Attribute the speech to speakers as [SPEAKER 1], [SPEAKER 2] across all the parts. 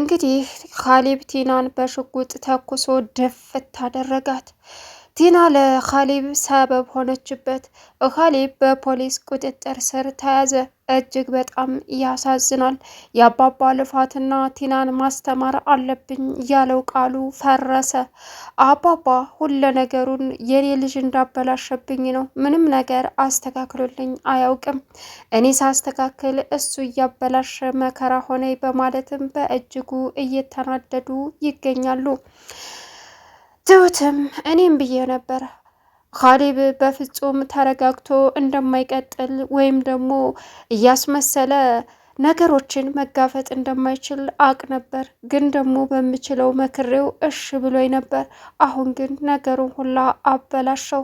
[SPEAKER 1] እንግዲህ ካሌብ ቲናን በሽጉጥ ተኩሶ ድፍት አደረጋት። ቲና ለካሌብ ሰበብ ሆነችበት። ካሌብ በፖሊስ ቁጥጥር ስር ተያዘ። እጅግ በጣም ያሳዝናል። የአባባ ልፋትና ቲናን ማስተማር አለብኝ ያለው ቃሉ ፈረሰ። አባባ ሁለ ነገሩን የኔ ልጅ እንዳበላሸብኝ ነው። ምንም ነገር አስተካክሎልኝ አያውቅም። እኔ ሳስተካክል እሱ እያበላሸ መከራ ሆነ በማለትም በእጅጉ እየተናደዱ ይገኛሉ። ትሁትም እኔም ብዬ ነበር! ካሌብ በፍጹም ተረጋግቶ እንደማይቀጥል ወይም ደግሞ እያስመሰለ ነገሮችን መጋፈጥ እንደማይችል አቅ ነበር፣ ግን ደግሞ በምችለው መክሬው እሽ ብሎኝ ነበር። አሁን ግን ነገሩን ሁላ አበላሸው።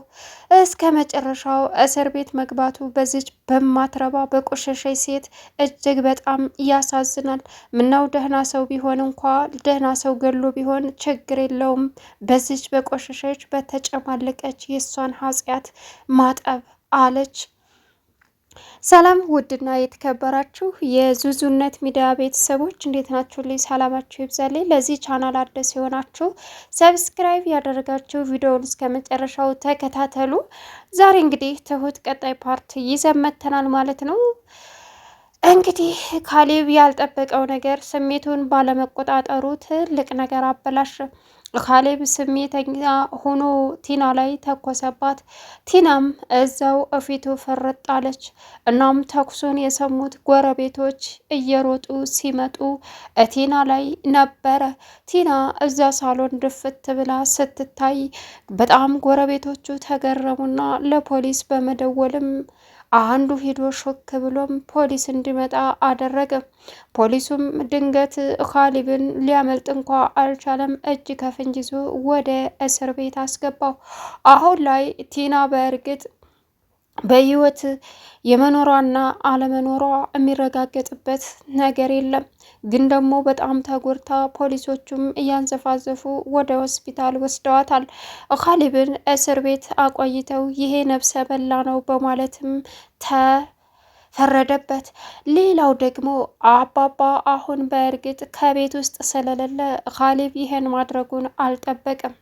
[SPEAKER 1] እስከ መጨረሻው እስር ቤት መግባቱ በዚች በማትረባ በቆሸሸች ሴት እጅግ በጣም ያሳዝናል። ምናው ደህና ሰው ቢሆን እንኳ ደህና ሰው ገሎ ቢሆን ችግር የለውም። በዚች በቆሸሸች በተጨማለቀች የእሷን ኃጢአት ማጠብ አለች ሰላም ውድና የተከበራችሁ የዙዙነት ሚዲያ ቤተሰቦች እንዴት ናችሁ? ልይ ሰላማችሁ ይብዛልኝ። ለዚህ ቻናል አዲስ የሆናችሁ ሰብስክራይብ ያደረጋችሁ ቪዲዮውን እስከ መጨረሻው ተከታተሉ። ዛሬ እንግዲህ ትሁት ቀጣይ ፓርት ይዘመተናል ማለት ነው። እንግዲህ ካሌብ ያልጠበቀው ነገር ስሜቱን ባለመቆጣጠሩ ትልቅ ነገር አበላሸ። ካሌብ ስሜተኛ ሆኖ ቲና ላይ ተኮሰባት። ቲናም እዛው እፊቱ ፍርጥ አለች። እናም ተኩሱን የሰሙት ጎረቤቶች እየሮጡ ሲመጡ ቲና ላይ ነበረ። ቲና እዛ ሳሎን ድፍት ብላ ስትታይ በጣም ጎረቤቶቹ ተገረሙና ለፖሊስ በመደወልም አንዱ ሄዶ ሾክ ብሎም ፖሊስ እንዲመጣ አደረገ። ፖሊሱም ድንገት ካሊብን ሊያመልጥ እንኳ አልቻለም። እጅ ከፍንጅ ይዞ ወደ እስር ቤት አስገባው። አሁን ላይ ቲና በእርግጥ በህይወት የመኖሯና አለመኖሯ የሚረጋገጥበት ነገር የለም። ግን ደግሞ በጣም ተጎድታ ፖሊሶቹም እያንዘፋዘፉ ወደ ሆስፒታል ወስደዋታል። ካሊብን እስር ቤት አቆይተው ይሄ ነብሰ በላ ነው በማለትም ተ ፈረደበት። ሌላው ደግሞ አባባ አሁን በእርግጥ ከቤት ውስጥ ስለሌለ ካሌብ ይሄን ማድረጉን አልጠበቅም።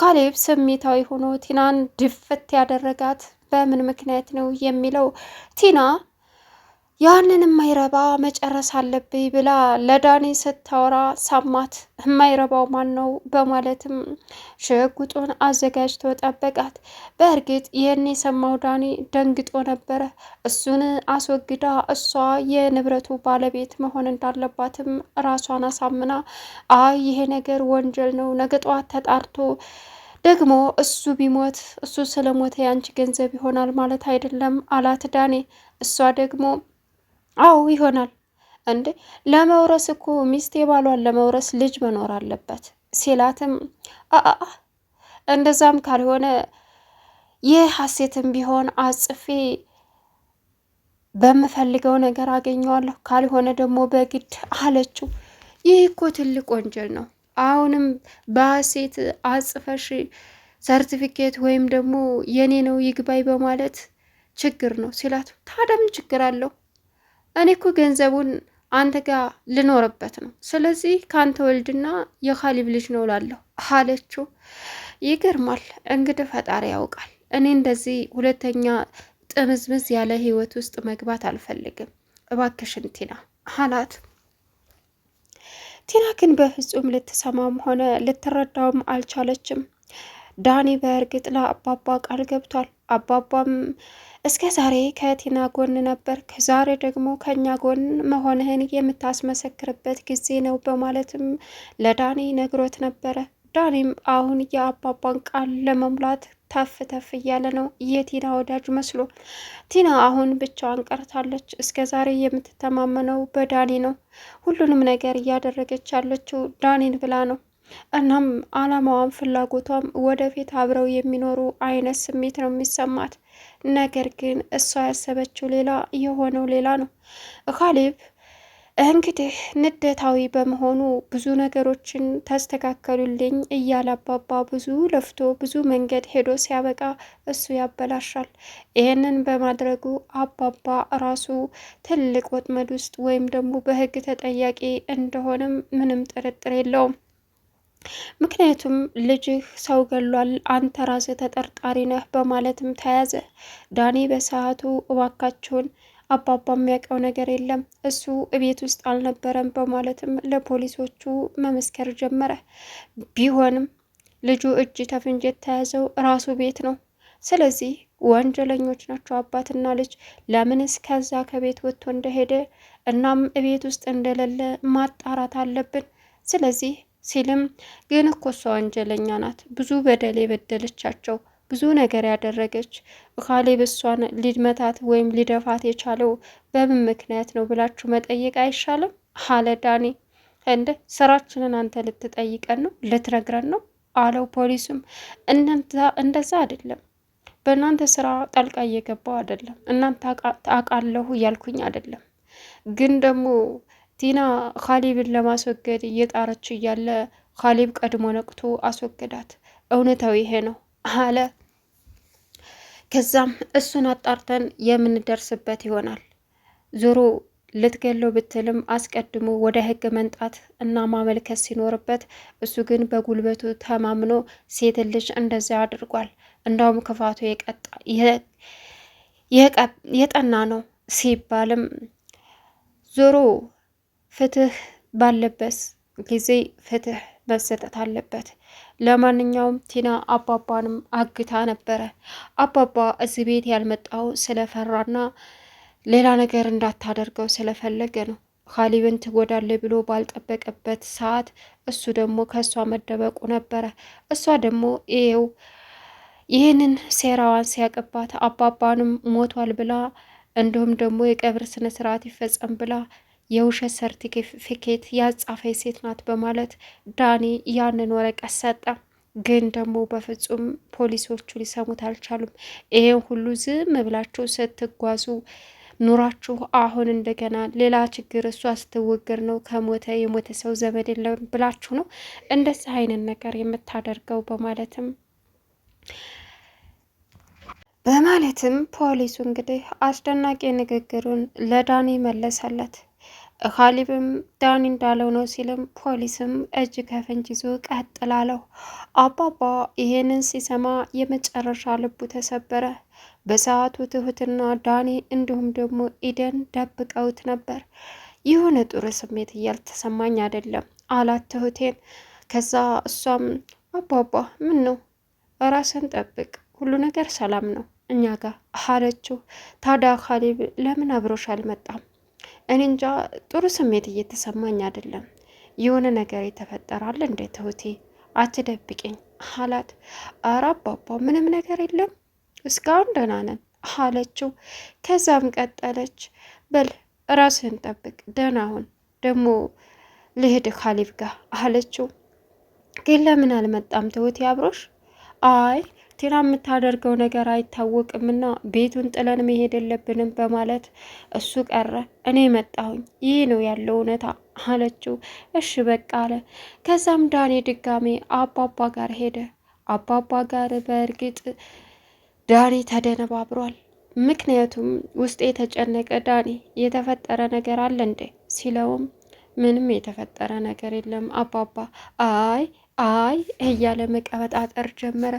[SPEAKER 1] ካሌብ ስሜታዊ ሆኖ ቲናን ድፍት ያደረጋት በምን ምክንያት ነው የሚለው ቲና ያንን የማይረባ መጨረስ አለብኝ ብላ ለዳኒ ስታወራ ሳማት። የማይረባው ማን ነው በማለትም ሽጉጡን አዘጋጅቶ ጠበቃት። በእርግጥ ይህን የሰማው ዳኒ ደንግጦ ነበረ። እሱን አስወግዳ እሷ የንብረቱ ባለቤት መሆን እንዳለባትም ራሷን አሳምና፣ አይ ይሄ ነገር ወንጀል ነው፣ ነገ ጠዋት ተጣርቶ ደግሞ እሱ ቢሞት እሱ ስለሞተ ያንቺ ገንዘብ ይሆናል ማለት አይደለም አላት ዳኔ። እሷ ደግሞ አዎ ይሆናል እንዴ ለመውረስ እኮ ሚስት የባሏን ለመውረስ ልጅ መኖር አለበት ሲላትም አአ እንደዛም ካልሆነ ይህ ሀሴትም ቢሆን አጽፌ በምፈልገው ነገር አገኘዋለሁ፣ ካልሆነ ደግሞ በግድ አለችው። ይህ እኮ ትልቅ ወንጀል ነው። አሁንም በሀሴት አጽፈሽ ሰርቲፊኬት ወይም ደግሞ የኔ ነው ይግባይ በማለት ችግር ነው ሲላት፣ ታዲያ ምን ችግር አለው? እኔ እኮ ገንዘቡን አንተ ጋር ልኖርበት ነው። ስለዚህ ከአንተ ወልድና የካሊብ ልጅ ነው ላለሁ አለችው። ይገርማል እንግዲህ ፈጣሪ ያውቃል። እኔ እንደዚህ ሁለተኛ ጥምዝምዝ ያለ ህይወት ውስጥ መግባት አልፈልግም፣ እባክሽን ቲና አላት። ቲና ግን በፍጹም ልትሰማም ሆነ ልትረዳውም አልቻለችም። ዳኒ በእርግጥ ለአባባ ቃል ገብቷል። አባባም እስከ ዛሬ ከቲና ጎን ነበር፣ ከዛሬ ደግሞ ከእኛ ጎን መሆንህን የምታስመሰክርበት ጊዜ ነው በማለትም ለዳኒ ነግሮት ነበረ። ዳኒም አሁን የአባባን ቃል ለመሙላት ተፍ ተፍ እያለ ነው የቲና ወዳጅ መስሎ። ቲና አሁን ብቻዋን ቀርታለች። እስከ ዛሬ የምትተማመነው በዳኒ ነው። ሁሉንም ነገር እያደረገች ያለችው ዳኒን ብላ ነው። እናም አላማዋም ፍላጎቷም ወደፊት አብረው የሚኖሩ አይነት ስሜት ነው የሚሰማት። ነገር ግን እሷ ያሰበችው ሌላ የሆነው ሌላ ነው። ካሌብ እንግዲህ ንደታዊ በመሆኑ ብዙ ነገሮችን ተስተካከሉልኝ እያለ አባባ ብዙ ለፍቶ ብዙ መንገድ ሄዶ ሲያበቃ እሱ ያበላሻል። ይህንን በማድረጉ አባባ ራሱ ትልቅ ወጥመድ ውስጥ ወይም ደግሞ በሕግ ተጠያቂ እንደሆነም ምንም ጥርጥር የለውም። ምክንያቱም ልጅህ ሰው ገሏል፣ አንተ ራስህ ተጠርጣሪ ነህ በማለትም ተያዘ። ዳኒ በሰዓቱ እባካችሁን አባባ የሚያውቀው ነገር የለም እሱ እቤት ውስጥ አልነበረም በማለትም ለፖሊሶቹ መመስከር ጀመረ። ቢሆንም ልጁ እጅ ተፍንጅ የተያዘው ራሱ ቤት ነው። ስለዚህ ወንጀለኞች ናቸው አባትና ልጅ። ለምንስ ከዛ ከቤት ወጥቶ እንደሄደ እናም እቤት ውስጥ እንደሌለ ማጣራት አለብን። ስለዚህ ሲልም ግን እኮ እሷ ወንጀለኛ ናት፣ ብዙ በደል የበደለቻቸው ብዙ ነገር ያደረገች ካሌብ እሷን ሊድመታት ወይም ሊደፋት የቻለው በምን ምክንያት ነው ብላችሁ መጠየቅ አይሻልም? አለ ዳኒ። እንደ ስራችንን አንተ ልትጠይቀን ነው ልትነግረን ነው አለው። ፖሊሱም እንደዛ አይደለም፣ በእናንተ ስራ ጣልቃ እየገባው አይደለም፣ እናንተ አቃለሁ እያልኩኝ አይደለም፣ ግን ደግሞ ቲና ካሌብን ለማስወገድ እየጣረች እያለ ካሌብ ቀድሞ ነቅቶ አስወገዳት። እውነታው ይሄ ነው አለ። ከዛም እሱን አጣርተን የምንደርስበት ይሆናል። ዞሮ ልትገለው ብትልም አስቀድሞ ወደ ህግ መንጣት እና ማመልከት ሲኖርበት እሱ ግን በጉልበቱ ተማምኖ ሴት ልጅ እንደዚያ አድርጓል። እንዳውም ክፋቱ የጠና ነው ሲባልም ዞሮ ፍትህ ባለበት ጊዜ ፍትህ መሰጠት አለበት። ለማንኛውም ቲና አባባንም አግታ ነበረ። አባባ እዚህ ቤት ያልመጣው ስለፈራና ሌላ ነገር እንዳታደርገው ስለፈለገ ነው። ካሊብን ትጎዳለ ብሎ ባልጠበቀበት ሰዓት እሱ ደግሞ ከእሷ መደበቁ ነበረ። እሷ ደግሞ ይኸው ይህንን ሴራዋን ሲያቅባት አባባንም ሞቷል ብላ እንዲሁም ደግሞ የቀብር ስነስርዓት ይፈጸም ብላ የውሸት ሰርቲፊኬት ያጻፈ ሴት ናት በማለት ዳኒ ያንን ወረቀት ሰጠ። ግን ደግሞ በፍጹም ፖሊሶቹ ሊሰሙት አልቻሉም። ይሄን ሁሉ ዝም ብላችሁ ስትጓዙ ኑራችሁ አሁን እንደገና ሌላ ችግር እሷ ስትወገር ነው ከሞተ የሞተ ሰው ዘመድ የለም ብላችሁ ነው እንደዚህ አይነት ነገር የምታደርገው በማለትም በማለትም ፖሊሱ እንግዲህ አስደናቂ ንግግሩን ለዳኒ መለሰለት። ኻሊብም ዳኒ እንዳለው ነው ሲልም ፖሊስም እጅ ከፍንጅ ይዞ ቀጥላለሁ። አባባ ይሄንን ሲሰማ የመጨረሻ ልቡ ተሰበረ። በሰዓቱ ትሁትና ዳኒ እንዲሁም ደግሞ ኢደን ደብቀውት ነበር። የሆነ ጥሩ ስሜት እያልተሰማኝ አይደለም አላት ትሁቴን። ከዛ እሷም አባባ ምን ነው ራስን ጠብቅ፣ ሁሉ ነገር ሰላም ነው እኛ ጋር አለችው። ታዲያ ካሌብ ለምን አብሮሽ አልመጣም እኔ እንጃ ጥሩ ስሜት እየተሰማኝ አይደለም። የሆነ ነገር የተፈጠራል እንደ ትሁቴ አትደብቅኝ አላት። ኧረ አባባ ምንም ነገር የለም እስካሁን ደህና ነን አለችው። ከዛም ቀጠለች፣ በል ራስህን ጠብቅ፣ ደህና ሁን፣ ደግሞ ልሂድ ካሊብ ጋር አለችው። ግን ለምን አልመጣም ትሁቴ አብሮሽ? አይ ቴና የምታደርገው ነገር አይታወቅምና ቤቱን ጥለን መሄድ የለብንም በማለት እሱ ቀረ። እኔ መጣሁኝ፣ ይህ ነው ያለው እውነታ አለችው። እሺ በቃ አለ። ከዛም ዳኔ ድጋሜ አባባ ጋር ሄደ። አባባ ጋር በእርግጥ ዳኔ ተደነባብሯል። ምክንያቱም ውስጥ የተጨነቀ ዳኔ የተፈጠረ ነገር አለ እንዴ ሲለውም ምንም የተፈጠረ ነገር የለም አባባ አይ አይ እያለ መቀበጣጠር ጀመረ።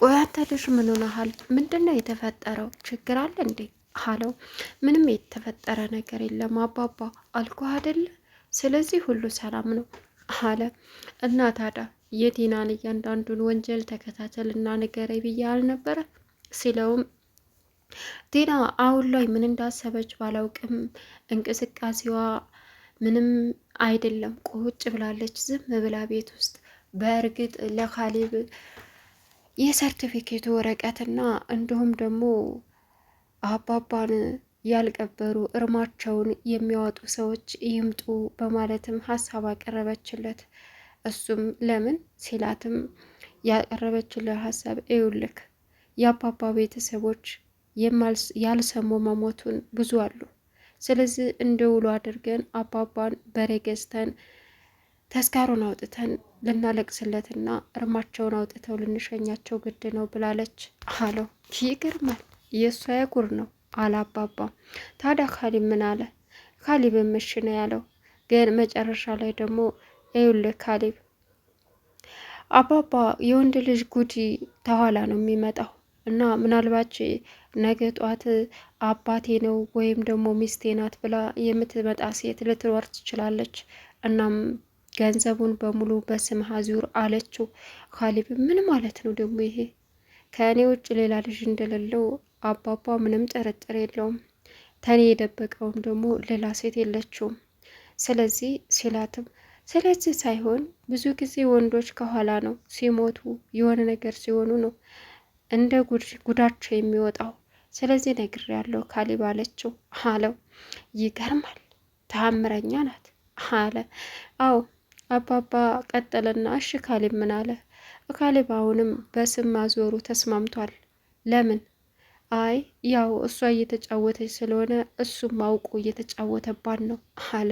[SPEAKER 1] ቆይ አንተ ልጅ ምን ሆነሃል? ምንድን ነው የተፈጠረው? ችግር አለ እንዴ አለው። ምንም የተፈጠረ ነገር የለም አባባ አልኩ አይደለ? ስለዚህ ሁሉ ሰላም ነው አለ። እና ታዲያ የቲናን እያንዳንዱን ወንጀል ተከታተል እና ንገረኝ ብዬ አልነበረ ሲለውም ቲና አሁን ላይ ምን እንዳሰበች ባላውቅም እንቅስቃሴዋ ምንም አይደለም። ቁጭ ብላለች፣ ዝም ብላ ቤት ውስጥ በእርግጥ ለካሊብ የሰርቲፊኬቱ ወረቀትና እንዲሁም ደግሞ አባባን ያልቀበሩ እርማቸውን የሚያወጡ ሰዎች ይምጡ በማለትም ሀሳብ አቀረበችለት። እሱም ለምን ሲላትም ያቀረበችለት ሀሳብ ይውልክ የአባባ ቤተሰቦች ያልሰሙ መሞቱን ብዙ አሉ። ስለዚህ እንደ ውሎ አድርገን አባባን በሬ ገዝተን ተስካሩን አውጥተን ልናለቅስለትና እርማቸውን አውጥተው ልንሸኛቸው ግድ ነው ብላለች አለው። ይገርማል። የእሷ የጉር ነው አላባባም። ታዲያ ካሊብ ምን አለ? ካሊብ ምሽ ነው ያለው። ግን መጨረሻ ላይ ደግሞ ይኸውልህ ካሊብ አባባ የወንድ ልጅ ጉዲ ተኋላ ነው የሚመጣው እና ምናልባች ነገ ጧት አባቴ ነው ወይም ደግሞ ሚስቴ ናት ብላ የምትመጣ ሴት ልትወር ትችላለች። እናም ገንዘቡን በሙሉ በስምህ አዙር አለችው። ካሊብ ምን ማለት ነው ደግሞ ይሄ? ከእኔ ውጭ ሌላ ልጅ እንደሌለው አባባ ምንም ጥርጥር የለውም። ተኔ የደበቀውም ደግሞ ሌላ ሴት የለችውም። ስለዚህ ሲላትም ስለዚህ ሳይሆን ብዙ ጊዜ ወንዶች ከኋላ ነው ሲሞቱ የሆነ ነገር ሲሆኑ ነው እንደ ጉዳቸው የሚወጣው። ስለዚህ ነግር ያለው ካሊብ አለችው አለው። ይገርማል፣ ተአምረኛ ናት አለ። አዎ አባባ ቀጠለና እሺ ካሌብ ምን አለ? ካሌብ አሁንም በስም ማዞሩ ተስማምቷል። ለምን? አይ ያው እሷ እየተጫወተች ስለሆነ እሱም አውቆ እየተጫወተባት ነው አለ።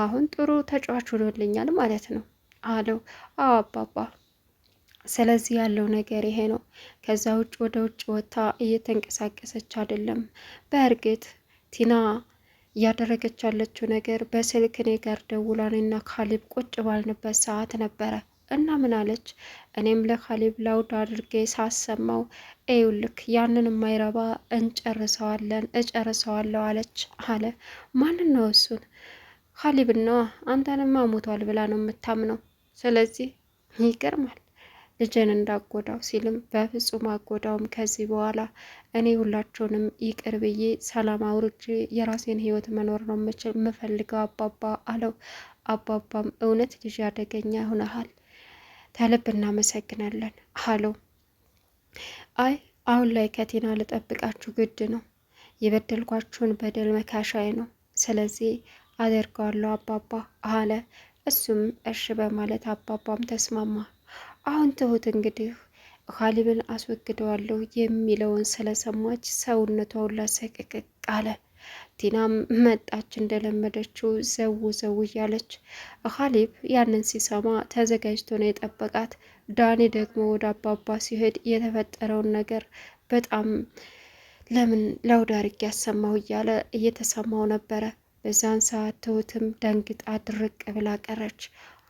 [SPEAKER 1] አሁን ጥሩ ተጫዋች ሆኖልኛል ማለት ነው አለው። አዎ አባባ ስለዚህ ያለው ነገር ይሄ ነው። ከዛ ውጭ ወደ ውጭ ወጥታ እየተንቀሳቀሰች አይደለም። በእርግጥ ቲና እያደረገች ያለችው ነገር በስልክ እኔ ጋር ደውላኔና ካሊብ ቁጭ ባልንበት ሰዓት ነበረ እና ምን አለች? እኔም ለካሊብ ላውድ አድርጌ ሳሰማው ኤውልክ ያንን የማይረባ እንጨርሰዋለን እጨርሰዋለሁ አለች አለ። ማንን ነው እሱን? ካሌብና አንተንማ ሞቷል ብላ ነው የምታምነው። ስለዚህ ይገርማል ልጅን እንዳጎዳው ሲልም በፍጹም አጎዳውም ከዚህ በኋላ እኔ ሁላችሁንም ይቅር ብዬ ሰላም አውርጄ የራሴን ህይወት መኖር ነው የምፈልገው አባባ አለው። አባባም እውነት ልጅ አደገኛ ሆነሃል፣ ተልብ እናመሰግናለን አለው። አይ አሁን ላይ ከቴና ልጠብቃችሁ ግድ ነው፣ የበደልኳችሁን በደል መካሻዬ ነው፣ ስለዚህ አደርገዋለሁ አባባ አለ። እሱም እሺ በማለት አባባም ተስማማ። አሁን ትሁት እንግዲህ ኻሊብን አስወግደዋለሁ የሚለውን ስለሰማች ሰውነቷ ሁላ ሰቅቅቅ አለ። ቲናም መጣች እንደለመደችው ዘው ዘው እያለች። ኻሊብ ያንን ሲሰማ ተዘጋጅቶ ነው የጠበቃት። ዳኒ ደግሞ ወደ አባባ ሲሄድ የተፈጠረውን ነገር በጣም ለምን ለውዳርግ ያሰማው እያለ እየተሰማው ነበረ። በዛን ሰዓት ትሁትም ደንግጣ ድርቅ ብላ ቀረች።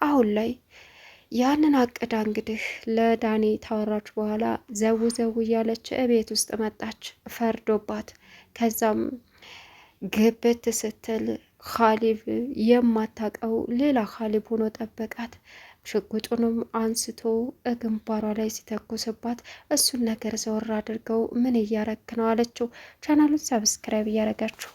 [SPEAKER 1] አሁን ላይ ያንን አቅዳ እንግዲህ ለዳኒ ታወራች በኋላ ዘው ዘው እያለች እቤት ውስጥ መጣች ፈርዶባት። ከዛም ግብት ስትል ካሊብ የማታቀው ሌላ ካሊብ ሆኖ ጠበቃት። ሽጉጡንም አንስቶ ግንባሯ ላይ ሲተኩስባት እሱን ነገር ዘወር አድርገው ምን እያረክ ነው አለችው። ቻናሉን ሰብስክራይብ እያረጋችሁ